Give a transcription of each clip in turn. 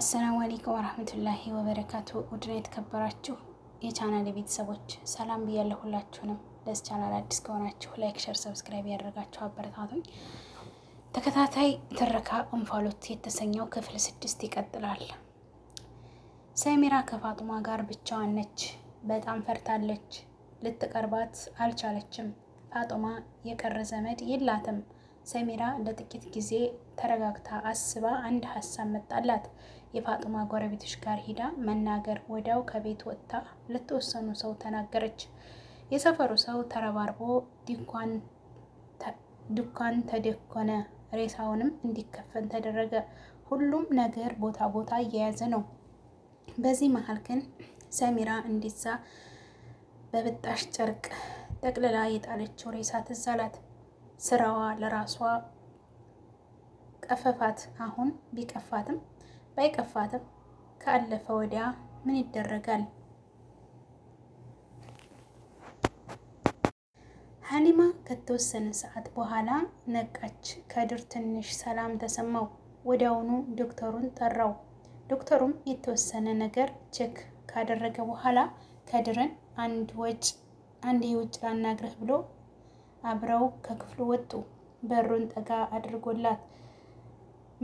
አሰላሙ አለይኩም ወራህመቱላሂ ወበረካቱ። ውድና የተከበራችሁ የቻናል ቤተሰቦች ሰላም ብያለሁ ሁላችሁንም። ለዚህ ቻናል አዲስ ከሆናችሁ ላይክ፣ ሸር፣ ሰብስክራይብ ያደርጋችሁ አበረታቱኝ። ተከታታይ ትረካ እንፋሎት የተሰኘው ክፍል ስድስት ይቀጥላል። ሰሚራ ከፋጡማ ጋር ብቻዋን ነች። በጣም ፈርታለች። ልትቀርባት አልቻለችም። ፋጡማ የቀረ ዘመድ የላትም። ሰሚራ ለጥቂት ጊዜ ተረጋግታ አስባ አንድ ሀሳብ መጣላት። የፋጡማ ጎረቤቶች ጋር ሂዳ መናገር። ወዲያው ከቤት ወጥታ ለተወሰኑ ሰው ተናገረች። የሰፈሩ ሰው ተረባርቦ ድንኳን ተደኮነ፣ ሬሳውንም እንዲከፈን ተደረገ። ሁሉም ነገር ቦታ ቦታ እየያዘ ነው። በዚህ መሀል ግን ሰሚራ እንዲዛ በብጣሽ ጨርቅ ጠቅልላ የጣለችው ሬሳ ትዝ አላት። ስራዋ ለራሷ ቀፈፋት። አሁን ቢቀፋትም ባይቀፋትም ካለፈ ወዲያ ምን ይደረጋል? ሀሊማ ከተወሰነ ሰዓት በኋላ ነቃች። ከድር ትንሽ ሰላም ተሰማው። ወዲያውኑ ዶክተሩን ጠራው። ዶክተሩም የተወሰነ ነገር ቼክ ካደረገ በኋላ ከድርን አንድ ወጭ አንድ የውጭ ላናግርህ ብሎ አብረው ከክፍሉ ወጡ። በሩን ጠጋ አድርጎላት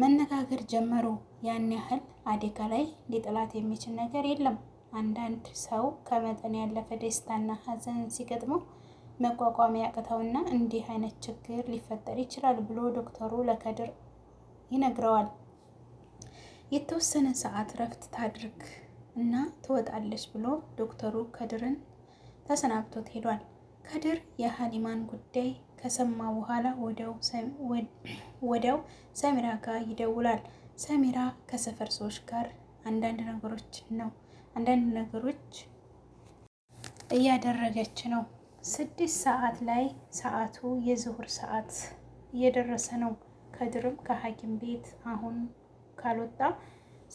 መነጋገር ጀመሩ። ያን ያህል አደጋ ላይ ሊጥላት የሚችል ነገር የለም። አንዳንድ ሰው ከመጠን ያለፈ ደስታና ሐዘን ሲገጥመው መቋቋም ያቅተውና እንዲህ አይነት ችግር ሊፈጠር ይችላል ብሎ ዶክተሩ ለከድር ይነግረዋል። የተወሰነ ሰዓት ረፍት ታድርግ እና ትወጣለች ብሎ ዶክተሩ ከድርን ተሰናብቶት ሄዷል። ከድር የሀሊማን ጉዳይ ከሰማ በኋላ ወዲያው ሰሚራ ጋር ይደውላል። ሰሚራ ከሰፈር ሰዎች ጋር አንዳንድ ነገሮች ነው አንዳንድ ነገሮች እያደረገች ነው። ስድስት ሰዓት ላይ ሰዓቱ የዝሁር ሰዓት እየደረሰ ነው። ከድርም ከሐኪም ቤት አሁን ካልወጣ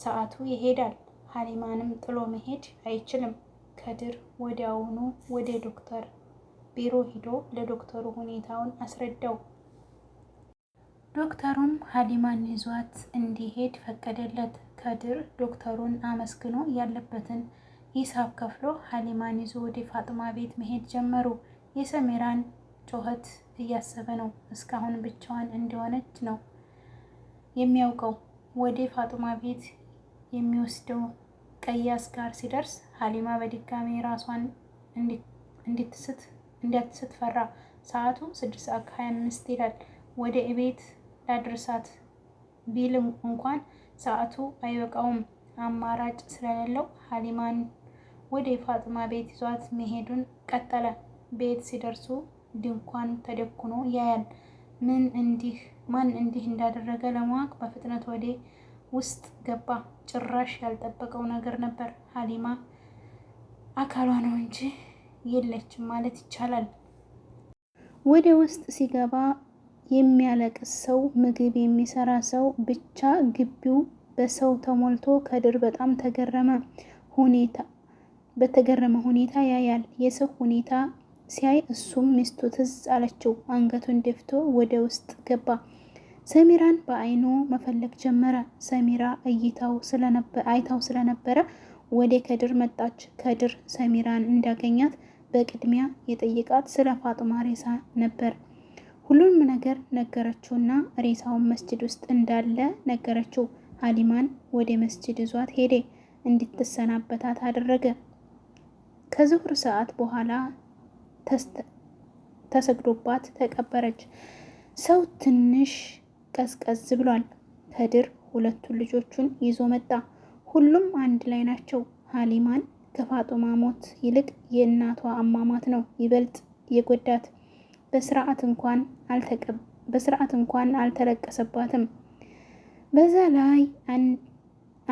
ሰዓቱ ይሄዳል። ሀሊማንም ጥሎ መሄድ አይችልም። ከድር ወዲያውኑ ወደ ዶክተር ቢሮ ሂዶ ለዶክተሩ ሁኔታውን አስረዳው። ዶክተሩም ሀሊማን ይዟት እንዲሄድ ፈቀደለት። ከድር ዶክተሩን አመስግኖ ያለበትን ሂሳብ ከፍሎ ሀሊማን ይዞ ወደ ፋጥማ ቤት መሄድ ጀመሩ። የሰሜራን ጩኸት እያሰበ ነው። እስካሁን ብቻዋን እንደሆነች ነው የሚያውቀው። ወደ ፋጥማ ቤት የሚወስደው ቀያስ ጋር ሲደርስ ሀሊማ በድጋሚ ራሷን እንድትስት እንዲያት ስትፈራ! ሰዓቱ ስድስት ሰዓት ከሀያ አምስት ይላል። ወደ እቤት ላድርሳት ቢል እንኳን ሰዓቱ አይበቃውም። አማራጭ ስለሌለው ሀሊማን ወደ ፋጥማ ቤት ይዟት መሄዱን ቀጠለ። ቤት ሲደርሱ ድንኳን ተደኩኖ ያያል። ምን እንዲህ ማን እንዲህ እንዳደረገ ለማወቅ በፍጥነት ወደ ውስጥ ገባ። ጭራሽ ያልጠበቀው ነገር ነበር። ሀሊማ አካሏ ነው እንጂ የለችም ማለት ይቻላል። ወደ ውስጥ ሲገባ የሚያለቅስ ሰው፣ ምግብ የሚሰራ ሰው፣ ብቻ ግቢው በሰው ተሞልቶ ከድር በጣም ተገረመ ሁኔታ በተገረመ ሁኔታ ያያል። የሰው ሁኔታ ሲያይ እሱም ሚስቱ ትዝ አለችው። አንገቱን ደፍቶ ወደ ውስጥ ገባ። ሰሚራን በአይኑ መፈለግ ጀመረ። ሰሚራ እይታው አይታው ስለነበረ ወደ ከድር መጣች። ከድር ሰሚራን እንዳገኛት በቅድሚያ የጠየቃት ስለ ፋጥማ ሬሳ ነበር። ሁሉንም ነገር ነገረችውና ሬሳውን መስጅድ ውስጥ እንዳለ ነገረችው። ሀሊማን ወደ መስጅድ ይዟት ሄደ፣ እንድትሰናበታት አደረገ። ከዙሁር ሰዓት በኋላ ተሰግዶባት ተቀበረች። ሰው ትንሽ ቀዝቀዝ ብሏል። ከድር ሁለቱን ልጆቹን ይዞ መጣ። ሁሉም አንድ ላይ ናቸው። ሀሊማን ከፋጡማ ሞት ይልቅ የእናቷ አሟሟት ነው ይበልጥ የጎዳት። በስርዓት እንኳን አልተለቀሰባትም። በዛ ላይ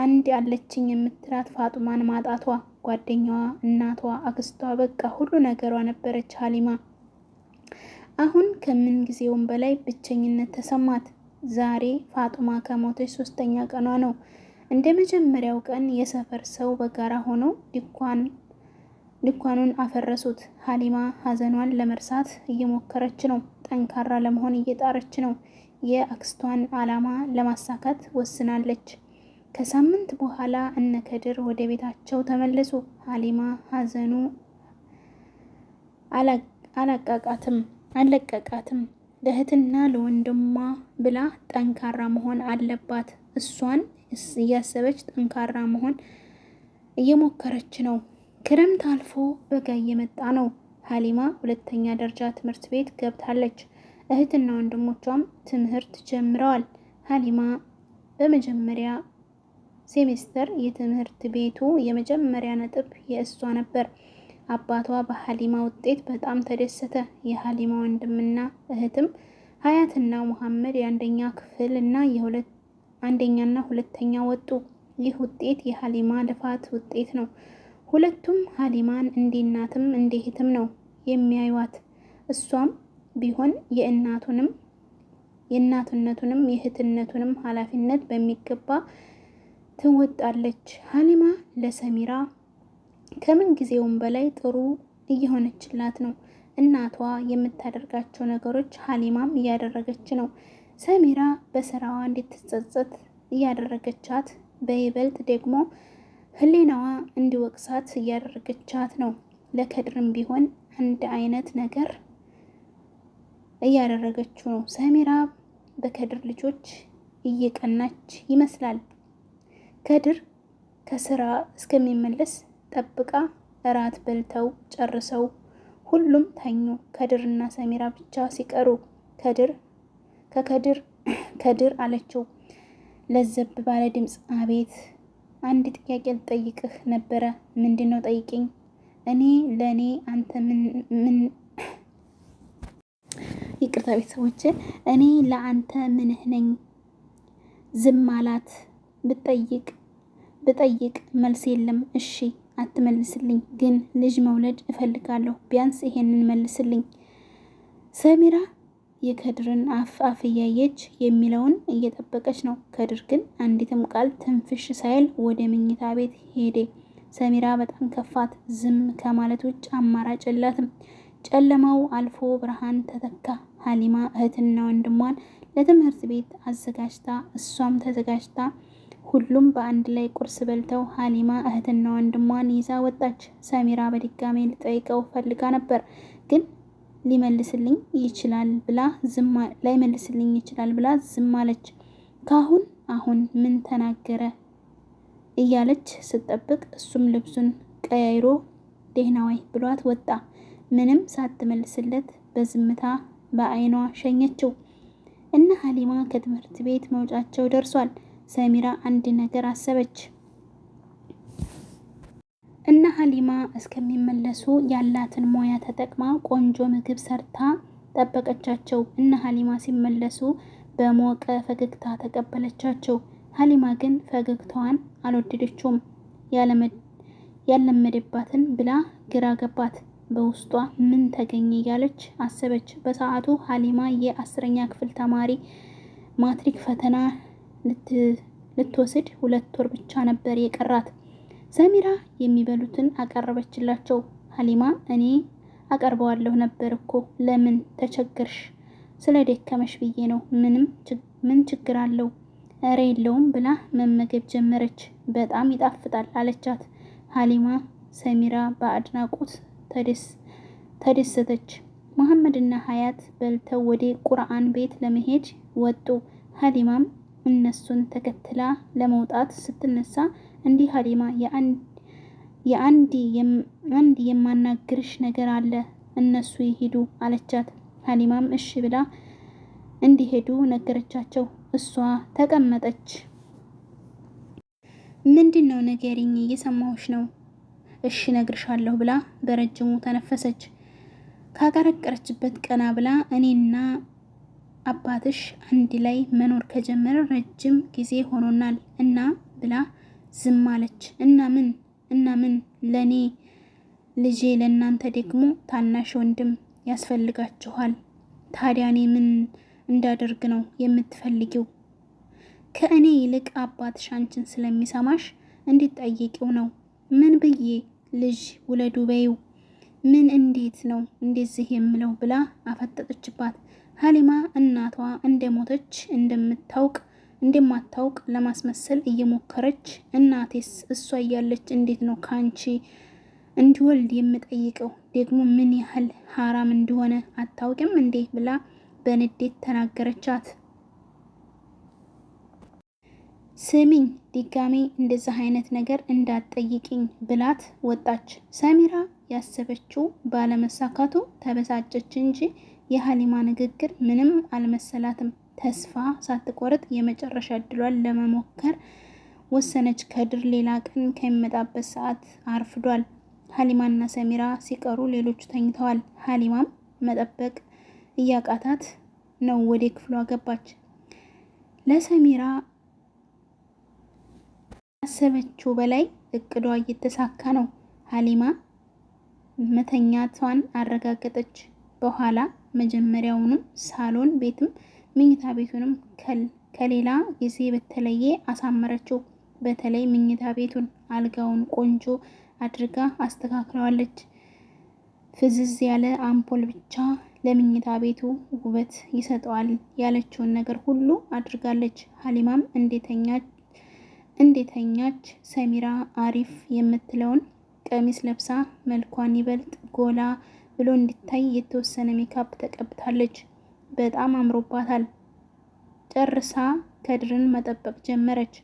አንድ አለችኝ የምትላት ፋጡማን ማጣቷ፣ ጓደኛዋ፣ እናቷ፣ አክስቷ በቃ ሁሉ ነገሯ ነበረች ሀሊማ። አሁን ከምን ጊዜውም በላይ ብቸኝነት ተሰማት። ዛሬ ፋጡማ ከሞተች ሶስተኛ ቀኗ ነው። እንደ መጀመሪያው ቀን የሰፈር ሰው በጋራ ሆነው ድኳኑን ድንኳኑን አፈረሱት። ሀሊማ ሀዘኗን ለመርሳት እየሞከረች ነው። ጠንካራ ለመሆን እየጣረች ነው። የአክስቷን ዓላማ ለማሳካት ወስናለች። ከሳምንት በኋላ እነ ከድር ወደ ቤታቸው ተመለሱ። ሀሊማ ሀዘኑ አላቃቃትም አለቀቃትም። ለእህትና ለወንድሟ ብላ ጠንካራ መሆን አለባት እሷን እያሰበች ጠንካራ መሆን እየሞከረች ነው። ክረምት አልፎ በጋ እየመጣ ነው። ሀሊማ ሁለተኛ ደረጃ ትምህርት ቤት ገብታለች። እህትና ወንድሞቿም ትምህርት ጀምረዋል። ሀሊማ በመጀመሪያ ሴሜስተር የትምህርት ቤቱ የመጀመሪያ ነጥብ የእሷ ነበር። አባቷ በሀሊማ ውጤት በጣም ተደሰተ። የሀሊማ ወንድምና እህትም ሀያትና ሙሐመድ የአንደኛ ክፍል እና የሁለት አንደኛና ሁለተኛ ወጡ። ይህ ውጤት የሀሊማ ልፋት ውጤት ነው። ሁለቱም ሀሊማን እንደ እናትም እንደ እህትም ነው የሚያዩዋት። እሷም ቢሆን የእናቱንም የእናትነቱንም የእህትነቱንም ኃላፊነት በሚገባ ትወጣለች። ሀሊማ ለሰሚራ ከምን ጊዜውም በላይ ጥሩ እየሆነችላት ነው። እናቷ የምታደርጋቸው ነገሮች ሀሊማም እያደረገች ነው። ሰሚራ በስራዋ እንድትጸጸት እያደረገቻት፣ በይበልጥ ደግሞ ህሊናዋ እንዲወቅሳት እያደረገቻት ነው። ለከድርም ቢሆን አንድ አይነት ነገር እያደረገችው ነው። ሰሚራ በከድር ልጆች እየቀናች ይመስላል። ከድር ከስራ እስከሚመለስ ጠብቃ እራት በልተው ጨርሰው ሁሉም ተኙ። ከድርና ሰሚራ ብቻ ሲቀሩ ከድር ከከድር ከድር አለችው ለዘብ ባለ ድምፅ። አቤት አንድ ጥያቄ ልጠይቅህ ነበረ። ምንድን ነው? ጠይቅኝ። እኔ ለእኔ አንተ ምን ይቅርታ ቤተሰቦች፣ እኔ ለአንተ ምንህ ነኝ? ዝም አላት። ብጠይቅ ብጠይቅ መልስ የለም። እሺ አትመልስልኝ፣ ግን ልጅ መውለድ እፈልጋለሁ። ቢያንስ ይሄንን መልስልኝ ሰሚራ የከድርን አፍ አፍ እያየች የሚለውን እየጠበቀች ነው። ከድር ግን አንዲትም ቃል ትንፍሽ ሳይል ወደ መኝታ ቤት ሄደ። ሰሚራ በጣም ከፋት። ዝም ከማለት ውጭ አማራጭ የላትም። ጨለማው አልፎ ብርሃን ተተካ። ሀሊማ እህትና ወንድሟን ለትምህርት ቤት አዘጋጅታ እሷም ተዘጋጅታ ሁሉም በአንድ ላይ ቁርስ በልተው ሀሊማ እህትና ወንድሟን ይዛ ወጣች። ሰሚራ በድጋሜ ልጠይቀው ፈልጋ ነበር ግን ሊመልስልኝ ይችላል ብላ ዝም ላይመልስልኝ ይችላል ብላ ዝም አለች። ካሁን አሁን ምን ተናገረ እያለች ስትጠብቅ እሱም ልብሱን ቀያይሮ ወይ ብሏት ወጣ። ምንም ሳትመልስለት በዝምታ በአይኗ ሸኘችው እና ሀሊማ ከትምህርት ቤት መውጫቸው ደርሷል። ሰሚራ አንድ ነገር አሰበች። እና ሀሊማ እስከሚመለሱ ያላትን ሙያ ተጠቅማ ቆንጆ ምግብ ሰርታ ጠበቀቻቸው። እና ሀሊማ ሲመለሱ በሞቀ ፈገግታ ተቀበለቻቸው። ሀሊማ ግን ፈገግታዋን አልወደደችውም። ያለመደባትን ብላ ግራ ገባት። በውስጧ ምን ተገኘ እያለች አሰበች። በሰዓቱ ሀሊማ የአስረኛ ክፍል ተማሪ ማትሪክ ፈተና ልትወስድ ሁለት ወር ብቻ ነበር የቀራት። ሰሚራ የሚበሉትን አቀረበችላቸው። ሀሊማ እኔ አቀርበዋለሁ ነበር እኮ ለምን ተቸገርሽ? ስለ ደከመሽ ብዬ ነው። ምንም ምን ችግር አለው? እረ የለውም ብላ መመገብ ጀመረች። በጣም ይጣፍጣል አለቻት። ሀሊማ ሰሚራ በአድናቆት ተደሰተች። መሐመድና ሀያት በልተው ወደ ቁርአን ቤት ለመሄድ ወጡ። ሀሊማም እነሱን ተከትላ ለመውጣት ስትነሳ እንዲህ ሀሊማ የአንድ የማናግርሽ ነገር አለ እነሱ ይሄዱ አለቻት። ሀሊማም እሺ ብላ እንዲሄዱ ነገረቻቸው። እሷ ተቀመጠች። ምንድን ነው ነገሪኝ፣ እየሰማሁሽ ነው። እሺ ነግርሻለሁ ብላ በረጅሙ ተነፈሰች። ካቀረቀረችበት ቀና ብላ እኔና አባትሽ አንድ ላይ መኖር ከጀመረ ረጅም ጊዜ ሆኖናል እና ብላ ዝም አለች። እና ምን እና ምን ለኔ ልጄ ለእናንተ ደግሞ ታናሽ ወንድም ያስፈልጋችኋል። ታዲያ እኔ ምን እንዳደርግ ነው የምትፈልጊው? ከእኔ ይልቅ አባትሽ አንቺን ስለሚሰማሽ እንድትጠይቂው ነው። ምን ብዬ ልጅ ውለዱ በይው ምን እንዴት ነው እንደዚህ የምለው ብላ አፈጠጠችባት። ሀሊማ እናቷ እንደሞተች እንደምታውቅ እንደማታውቅ ለማስመሰል እየሞከረች እናቴስ እሷ እያለች እንዴት ነው ከአንቺ እንዲወልድ የምጠይቀው ደግሞ ምን ያህል ሀራም እንደሆነ አታውቅም እንዴ ብላ በንዴት ተናገረቻት። ስሚኝ ድጋሜ እንደዚህ አይነት ነገር እንዳትጠይቅኝ ብላት ወጣች። ሰሚራ ያሰበችው ባለመሳካቱ ተበሳጨች እንጂ የሀሊማ ንግግር ምንም አልመሰላትም። ተስፋ ሳትቆርጥ የመጨረሻ እድሏን ለመሞከር ወሰነች። ከድር ሌላ ቀን ከሚመጣበት ሰዓት አርፍዷል። ሀሊማና ሰሚራ ሲቀሩ ሌሎቹ ተኝተዋል። ሀሊማም መጠበቅ እያቃታት ነው ወደ ክፍሏ ገባች። ለሰሚራ አሰበችው በላይ እቅዷ እየተሳካ ነው። ሀሊማ መተኛቷን አረጋገጠች። በኋላ መጀመሪያውንም ሳሎን ቤትም ምኝታ ቤቱንም ከሌላ ጊዜ በተለየ አሳመረችው። በተለይ ምኝታ ቤቱን አልጋውን ቆንጆ አድርጋ አስተካክለዋለች። ፍዝዝ ያለ አምፖል ብቻ ለምኝታ ቤቱ ውበት ይሰጠዋል ያለችውን ነገር ሁሉ አድርጋለች። ሀሊማም እንዴተኛች ሰሚራ አሪፍ የምትለውን ቀሚስ ለብሳ መልኳን ይበልጥ ጎላ ብሎ እንዲታይ የተወሰነ ሜካፕ ተቀብታለች። በጣም አምሮባታል። ጨርሳ ከድርን መጠበቅ ጀመረች።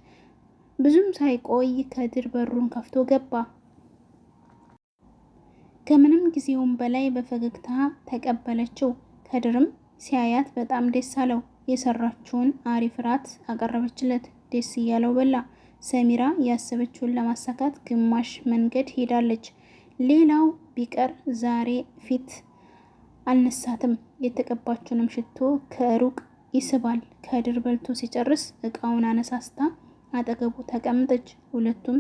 ብዙም ሳይቆይ ከድር በሩን ከፍቶ ገባ። ከምንም ጊዜውም በላይ በፈገግታ ተቀበለችው። ከድርም ሲያያት በጣም ደስ አለው። የሰራችውን አሪፍ ራት አቀረበችለት። ደስ እያለው በላ። ሰሚራ ያሰበችውን ለማሳካት ግማሽ መንገድ ሄዳለች። ሌላው ቢቀር ዛሬ ፊት አልነሳትም። የተቀባችውንም ሽቶ ከሩቅ ይስባል። ከድር በልቶ ሲጨርስ እቃውን አነሳስታ አጠገቡ ተቀምጠች። ሁለቱም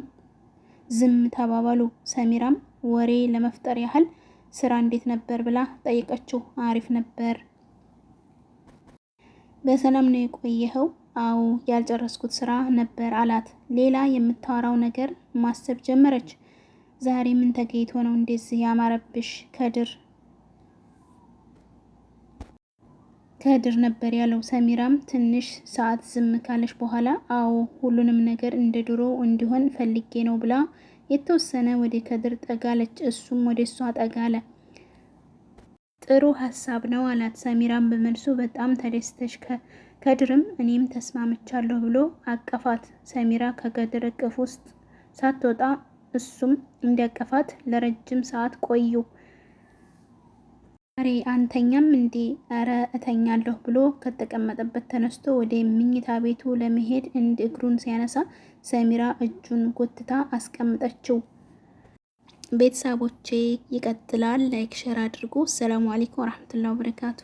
ዝም ተባባሉ። ሰሚራም ወሬ ለመፍጠር ያህል ስራ እንዴት ነበር ብላ ጠይቀችው። አሪፍ ነበር። በሰላም ነው የቆየኸው? አዎ ያልጨረስኩት ስራ ነበር አላት። ሌላ የምታወራው ነገር ማሰብ ጀመረች። ዛሬ ምን ተገይቶ ነው እንደዚህ ያማረብሽ ከድር ከድር ነበር ያለው። ሰሚራም ትንሽ ሰዓት ዝም ካለች በኋላ አዎ ሁሉንም ነገር እንደ ድሮ እንዲሆን ፈልጌ ነው ብላ የተወሰነ ወደ ከድር ጠጋለች። እሱም ወደ እሷ ጠጋለ። ጥሩ ሀሳብ ነው አላት። ሰሚራም በመልሱ በጣም ተደስተች። ከድርም እኔም ተስማምቻለሁ ብሎ አቀፋት። ሰሚራ ከከድር እቅፍ ውስጥ ሳትወጣ እሱም እንዲያቀፋት ለረጅም ሰዓት ቆዩ። ሬ አንተኛም እንዴ? እረ እተኛለሁ ብሎ ከተቀመጠበት ተነስቶ ወደ ምኝታ ቤቱ ለመሄድ እንድ እግሩን ሲያነሳ ሰሚራ እጁን ጎትታ አስቀምጠችው። ቤተሰቦቼ ይቀጥላል። ላይክ ሸር አድርጉ። ሰላም አለይኩም ወረህመቱላሂ ወበረካቱ